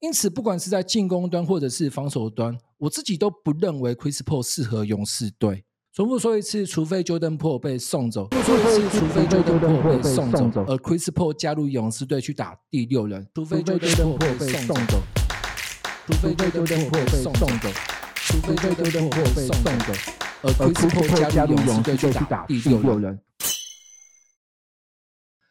因此，不管是在進攻端或者是防守端，我自己都不認為 Chris Paul 適合勇士隊。重複說一次，除非 Jordan Poole 被送走，重複說一次，除非 Jordan Poole 被送走，而 Chris Paul 加入勇士隊去打第六人，除非 Jordan Poole 被送走，除非 Jordan Poole 被送走，除非 Jordan Poole 被送走，而 Chris Paul 加入勇士隊去打第六人。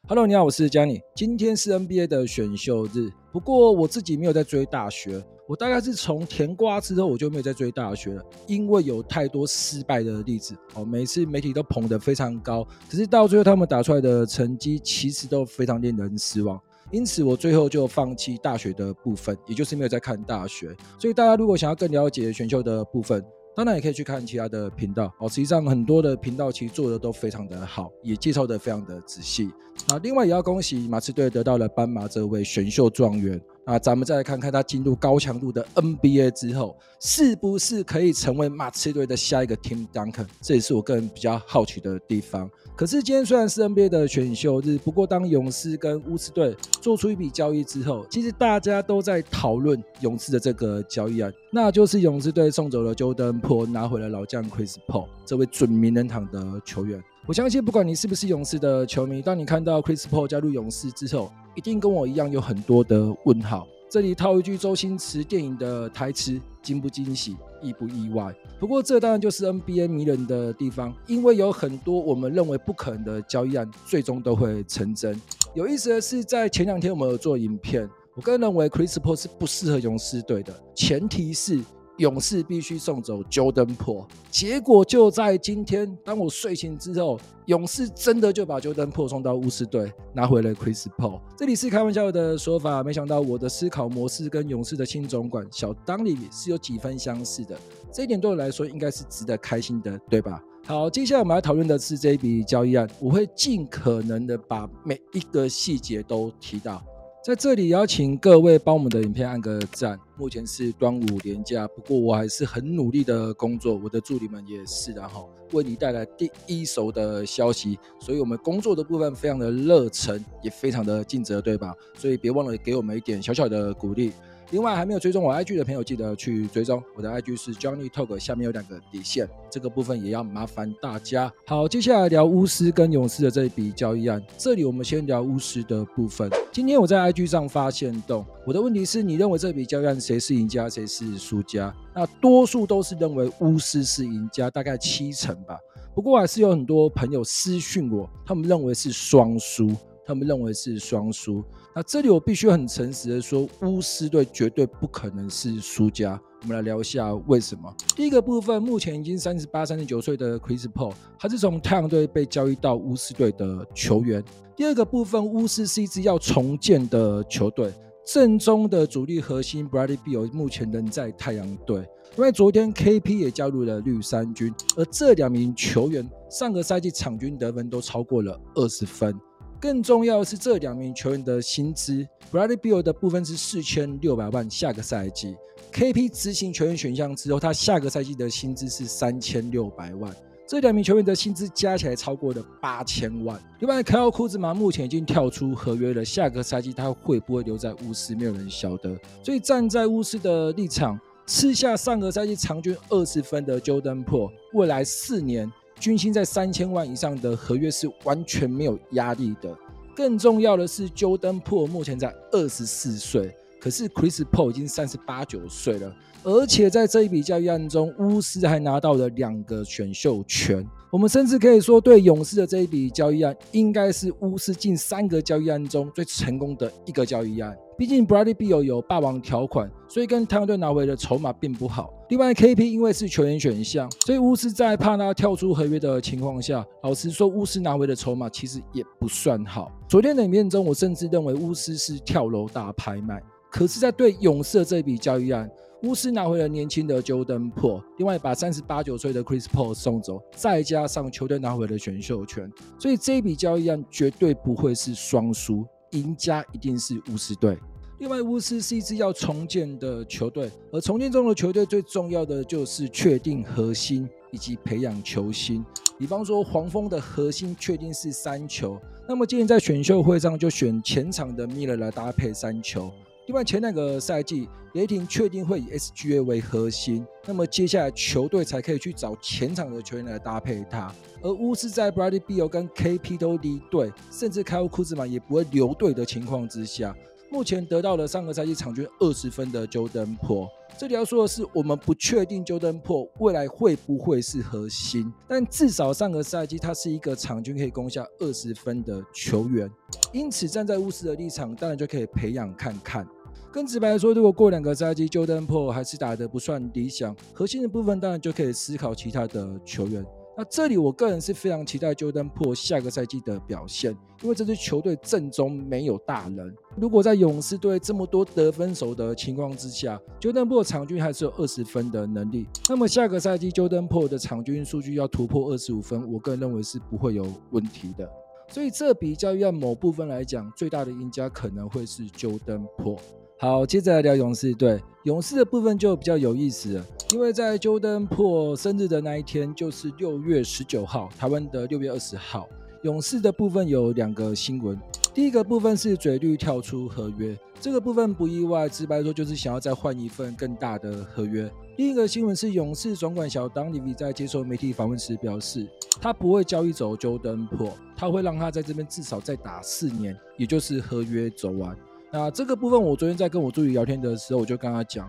Hello，你好，我是 Johnny。今天是 NBA 的選秀日，不過我自己沒有在追大學。我大概是從甜瓜之後，我就沒有在追大學了，因為有太多失敗的例子。哦，每次媒體都捧得非常高，可是到最後他們打出來的成績其實都非常令人失望。因此，我最後就放棄大學的部分，也就是沒有在看大學。所以，大家如果想要更了解選秀的部分，當然也可以去看其他的頻道哦。實際上，很多的頻道其實做的都非常的好，也介紹的非常的仔細。那，啊，另外，也要恭喜馬刺隊得到了斑馬這位選秀狀元。啊，咱們再來看看他進入高強度的 NBA 之後，是不是可以成為馬刺隊的下一個 Tim Duncan？這也是我個人比較好奇的地方。可是今天雖然是 NBA 的選秀日，不過當勇士跟巫師隊做出一筆交易之後，其實大家都在討論勇士的這個交易案，那就是勇士隊送走了 Jordan Poole，拿回了老將 Chris Paul 這位準名人堂的球員。我相信，不管你是不是勇士的球迷，當你看到 Chris Paul 加入勇士之後，一定跟我一樣有很多的問號。這裡套一句周星馳電影的台詞：驚不驚喜，意不意外？不過這當然就是 NBA 迷人的地方，因為有很多我們認為不可能的交易案，最終都會成真。有意思的是，在前兩天我們有做影片，我個人認為 Chris Paul 是不適合勇士隊的，前提是。勇士必須送走 Jordan Poole，結果就在今天，當我睡醒之後，勇士真的就把 Jordan Poole 送到巫師隊，拿回了 Chris Paul。這裡是開玩笑的說法，沒想到我的思考模式跟勇士的新總管小當里是有幾分相似的，這一點對我來說應該是值得開心的，對吧？好，接下來我們要討論的是這一筆交易案，我會盡可能的把每一個細節都提到。在這裡邀請各位幫我們的影片按個讚。目前是端午連假，不過我還是很努力的工作，我的助理們也是，然後為你帶來第一手的消息。所以我們工作的部分非常的熱忱，也非常的盡責，對吧？所以別忘了給我們一點小小的鼓勵。另外，還沒有追蹤我 IG 的朋友，記得去追蹤。我的 IG 是 Johnny Talk，下面有兩個底線，這個部分也要麻煩大家。好，接下來聊巫師跟勇士的這一筆交易案。這裡我們先聊巫師的部分。今天我在 IG 上發限動，我的問題是你認為這筆交易案誰是贏家，誰是輸家？那多數都是認為巫師是贏家，大概七成吧。不過還是有很多朋友私訊我，他們認為是雙輸。他們認為是雙輸。那這裡我必須很誠實的說，巫師隊絕對不可能是輸家。我們來聊一下為什麼。第一個部分，目前已經三十八、三十九歲的 Chris Paul，他是從太陽隊被交易到巫師隊的球員。第二個部分，巫師是一支要重建的球隊，正宗的主力核心 Bradley Beal 目前仍在太陽隊。因為昨天 KP 也加入了綠衫軍，而這兩名球員上個賽季場均得分都超過了二十分。更重要的是，這兩名球員的薪資，Bradley Beal 的部分是四千六百萬，下個賽季；K. P. 執行球員選項之後，他下個賽季的薪資是三千六百萬。這兩名球員的薪資加起來超過了八千萬。另外 Kyle Kuzma 目前已經跳出合約了，下個賽季他會不會留在巫師，沒有人曉得。所以，站在巫師的立場，吃下上個賽季場均二十分的 Jordan Poole，未來四年。軍薪在三千萬以上的合約是完全沒有壓力的。更重要的是，Jordan Poole 目前在二十四歲。可是 Chris Paul 已經三十八九歲了，而且在這一筆交易案中，巫師還拿到了兩個選秀權。我們甚至可以說，對勇士的這一筆交易案，應該是巫師近三個交易案中最成功的一個交易案。畢竟 Bradley Beal 有霸王條款，所以跟太陽隊拿回的籌碼並不好。另外，KP 因為是球員選項，所以巫師在怕他跳出合約的情況下，老實說，巫師拿回的籌碼其實也不算好。昨天的影片中，我甚至認為巫師是跳樓大拍賣。可是，在對勇士的這筆交易案，巫師拿回了年輕的 Jordan Poole，另外把三十八九歲的 Chris Paul 送走，再加上球隊拿回了選秀權，所以這一筆交易案絕對不會是雙輸，贏家一定是巫師隊。另外，巫師是一支要重建的球隊，而重建中的球隊最重要的就是確定核心以及培養球星。比方說，黃蜂的核心確定是三球，那麼今天在選秀會上就選前場的 Miller 來搭配三球。另外，前兩個賽季雷霆確定會以 SGA 為核心，那麼接下來球隊才可以去找前場的球員來搭配他。而巫師在 Bradley Beal 跟 KP 都離隊，甚至 Kyle 庫茲瑪也不會留隊的情況之下，目前得到了上個賽季場均20分的 Jordan Poole。這裡要說的是，我們不確定 Jordan Poole 未來會不會是核心，但至少上個賽季他是一個場均可以攻下20分的球員。因此站在巫師的立場，當然就可以培養看看。更直白的說，如果過兩個賽季，Jordan Poole 還是打得不算理想，核心的部分當然就可以思考其他的球員。那這裡我個人是非常期待 Jordan Poole 下個賽季的表現，因為這支球隊陣中沒有大人。如果在勇士隊這麼多得分手的情況之下，Jordan Poole 場均還是有二十分的能力，那麼下個賽季 Jordan Poole 的場均數據要突破二十五分，我個人認為是不會有問題的。所以這比較於某部分來講，最大的贏家可能會是 Jordan Poole。好，接着來聊勇士隊。勇士的部分就比較有意思了，因為在 Jordan Poole 生日的那一天，就是六月十九號，台灣的六月二十號。勇士的部分有兩個新聞，第一個部分是嘴綠跳出合約，這個部分不意外，直白說就是想要再換一份更大的合約。另一個新聞是勇士總管小 Dunleavy 在接受媒體訪問時表示，他不會交易走 Jordan Poole，他會讓他在這邊至少再打四年，也就是合約走完。那這個部分，我昨天在跟我助理聊天的時候，我就跟他講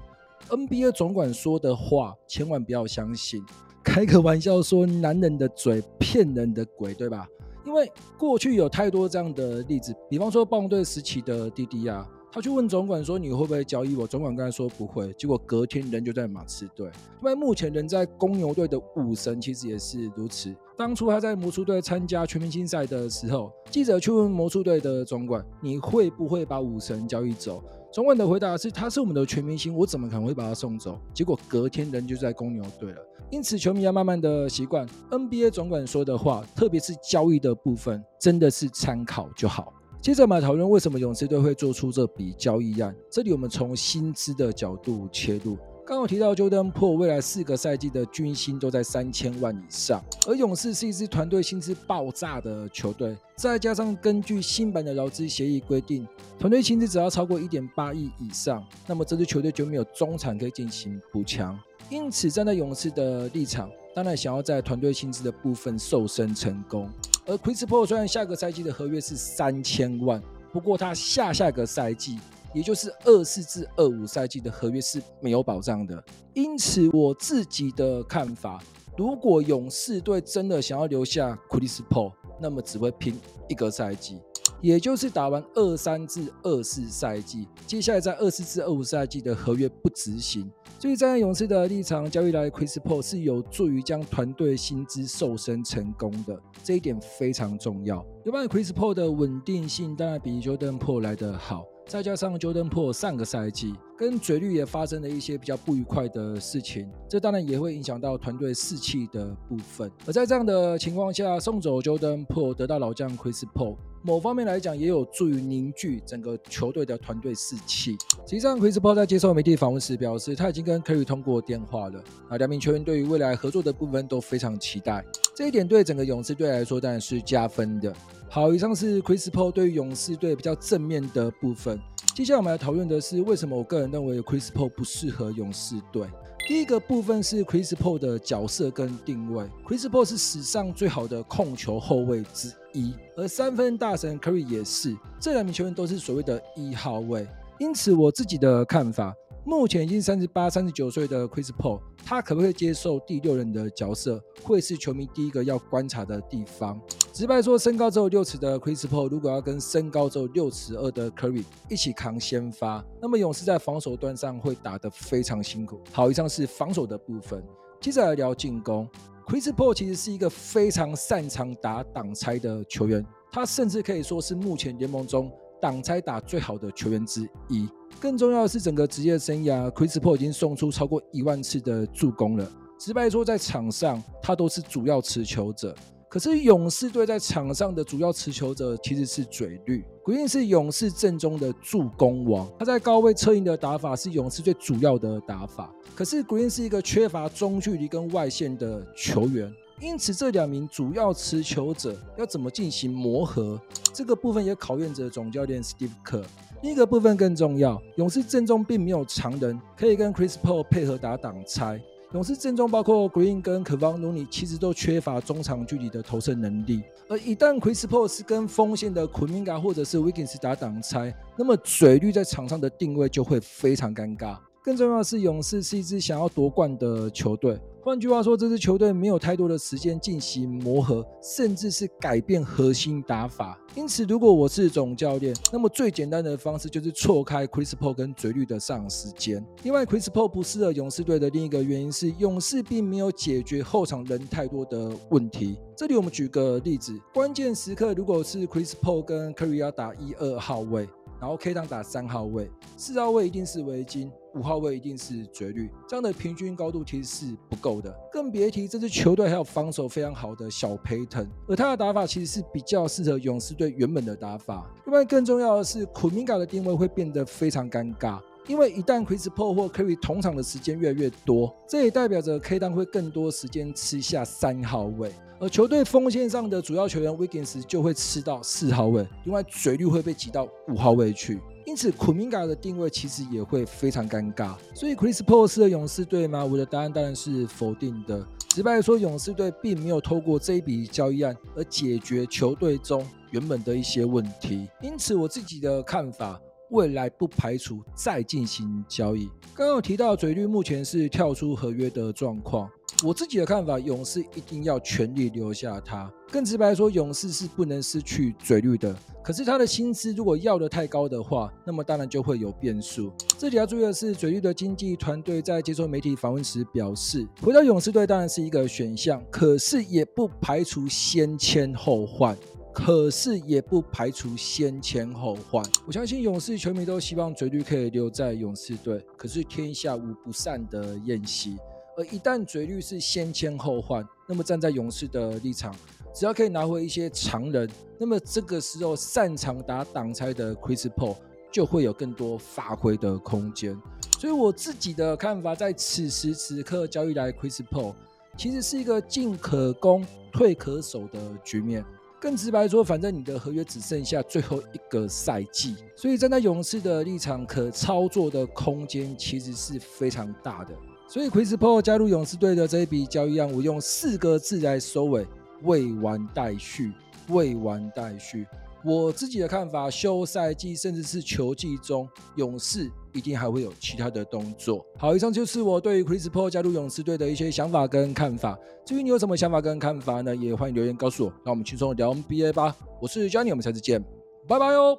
，NBA 總管說的話千萬不要相信。開個玩笑說，男人的嘴騙人的鬼，對吧？因為過去有太多這樣的例子，比方說暴龍隊時期的弟弟啊，他去問總管說你會不會交易我，總管跟他說不會，結果隔天人就在馬刺隊。因為目前人在公牛隊的武神其實也是如此。當初他在魔術隊參加全明星賽的時候，記者去問魔術隊的總管：“你會不會把武神交易走？”總管的回答是：“他是我們的全明星，我怎麼可能會把他送走？”結果隔天人就在公牛隊了。因此，球迷要慢慢的習慣 NBA 總管說的話，特別是交易的部分，真的是參考就好。接着我們來討論為什麼勇士隊會做出這筆交易案。這裡我們從薪資的角度切入。剛剛提到，Jordan Poole 未來四個賽季的均薪都在三千萬以上，而勇士是一支團隊薪資爆炸的球隊，再加上根據新版的勞資協議規定，團隊薪資只要超過一點八億以上，那麼這支球隊就沒有中產可以進行補強。因此，站在勇士的立場，當然想要在團隊薪資的部分瘦身成功。而 Chris Paul 雖然下個賽季的合約是三千萬，不過他下下個賽季。也就是二四至二五賽季的合約是沒有保障的，因此我自己的看法，如果勇士隊真的想要留下克里斯·保羅，那麼只會拼一個賽季。也就是打完二三至二四賽季，接下來在二四至二五賽季的合約不執行。所以站在勇士的立場，交易來的 Chris Paul 是有助於將團隊薪資瘦身成功的，這一點非常重要。要不然 Chris Paul 的穩定性當然比 Jordan Poole 來得好，再加上 Jordan Poole 上個賽季跟嘴綠也發生了一些比較不愉快的事情，這當然也會影響到團隊士氣的部分。而在這樣的情況下，送走 Jordan Poole 得到老將 Chris Paul。某方面來講，也有助於凝聚整個球隊的團隊士氣。實際上，Chris Paul 在接受媒體訪問時表示，他已經跟 Curry 通過電話了。啊，兩名球員對於未來合作的部分都非常期待。這一點對整個勇士隊來說當然是加分的。好，以上是 Chris Paul 對於勇士隊比較正面的部分。接下來我們要討論的是，為什麼我個人認為 Chris Paul 不適合勇士隊。第一個部分是 Chris Paul 的角色跟定位。Chris Paul 是史上最好的控球後衛之一。一而三分大神 Curry 也是，這兩名球員都是所謂的一號位，因此我自己的看法，目前已經三十八、三十九歲的 Chris Paul，他可不可以接受第六人的角色，會是球迷第一個要觀察的地方。直白說，身高只有六尺的 Chris Paul，如果要跟身高只有六尺二的 Curry 一起扛先發，那麼勇士在防守端上會打得非常辛苦。好，以上是防守的部分，接着來聊進攻。Chris Paul 其實是一個非常擅長打擋拆的球員，他甚至可以說是目前聯盟中擋拆打最好的球員之一。更重要的是，整個職業生涯啊，Chris Paul 已經送出超過一萬次的助攻了。直白說，在場上，他都是主要持球者。可是勇士隊在場上的主要持球者其實是嘴綠，Green 是勇士陣中的助攻王，他在高位策應的打法是勇士最主要的打法。可是 Green 是一個缺乏中距離跟外線的球員，因此這兩名主要持球者要怎麼進行磨合，這個部分也考驗着總教練 Steve Kerr。另一個部分更重要，勇士陣中並沒有常人可以跟 Chris Paul 配合打擋拆。勇士陣中包括 Green 跟 Kevon Looney，其實都缺乏中長距離的投射能力。而一旦 Chris Paul 是跟鋒線的 Kuminga 或者是 Wiggins 打擋拆，那麼嘴綠在場上的定位就會非常尷尬。更重要的是，勇士是一支想要奪冠的球隊。換句話說，這支球隊沒有太多的時間進行磨合，甚至是改變核心打法。因此，如果我是總教練，那麼最簡單的方式就是錯開 Chris Paul 跟嘴綠的上場時間。另外，Chris Paul 不適合勇士隊的另一個原因是，勇士並沒有解決後場人太多的問題。這裡我們舉個例子：關鍵時刻，如果是 Chris Paul 跟 Curry 打一二號位。然後 K 當打三號位，四號位一定是維金，五號位一定是嘴綠，這樣的平均高度其實是不夠的，更別提這支球隊還有防守非常好的小佩頓，而他的打法其實是比較適合勇士隊原本的打法。另外更重要的是，庫明加的定位會變得非常尷尬。因為一旦 Chris Paul 和 k e r y 同場的時間越來越多，這也代表着 K 當會更多時間吃下三號位，而球隊鋒線上的主要球員 Wiggins 就會吃到四號位，另外嘴率會被擠到五號位去。因此，Kuminga 的定位其實也會非常尷尬。所以，Chris Paul 是勇士隊嗎？我的答案當然是否定的。直白說，勇士隊並沒有透過這一筆交易案而解決球隊中原本的一些問題。因此，我自己的看法。未來不排除再進行交易。剛剛有提到嘴綠目前是跳出合約的狀況，我自己的看法，勇士一定要全力留下他。更直白說，勇士是不能失去嘴綠的。可是他的薪資如果要得太高的話，那麼當然就會有變數。這裡要注意的是，嘴綠的經紀團隊在接受媒體訪問時表示，回到勇士隊當然是一個選項，可是也不排除先簽後換。可是也不排除先簽後換。我相信勇士球迷都希望嘴綠可以留在勇士隊。可是天下無不散的宴席，而一旦嘴綠是先簽後換，那麼站在勇士的立場，只要可以拿回一些常人，那麼這個時候擅長打擋拆的 Chris Paul 就會有更多發揮的空間。所以我自己的看法，在此時此刻交易來 Chris Paul，其實是一個進可攻、退可守的局面。更直白說，反正你的合約只剩下最後一個賽季，所以站在勇士的立場，可操作的空間其實是非常大的。所以 Chris Paul 加入勇士隊的這一筆交易，讓我用四個字來收尾：未完待續，未完待續。我自己的看法，休賽季甚至是球季中，勇士。一定還會有其他的動作。好，以上就是我對 Chris Paul 加入勇士隊的一些想法跟看法。至於你有什麼想法跟看法呢？也歡迎留言告訴我。讓我們輕鬆聊 NBA 吧。我是 Johnny，我們下次見，拜拜哦。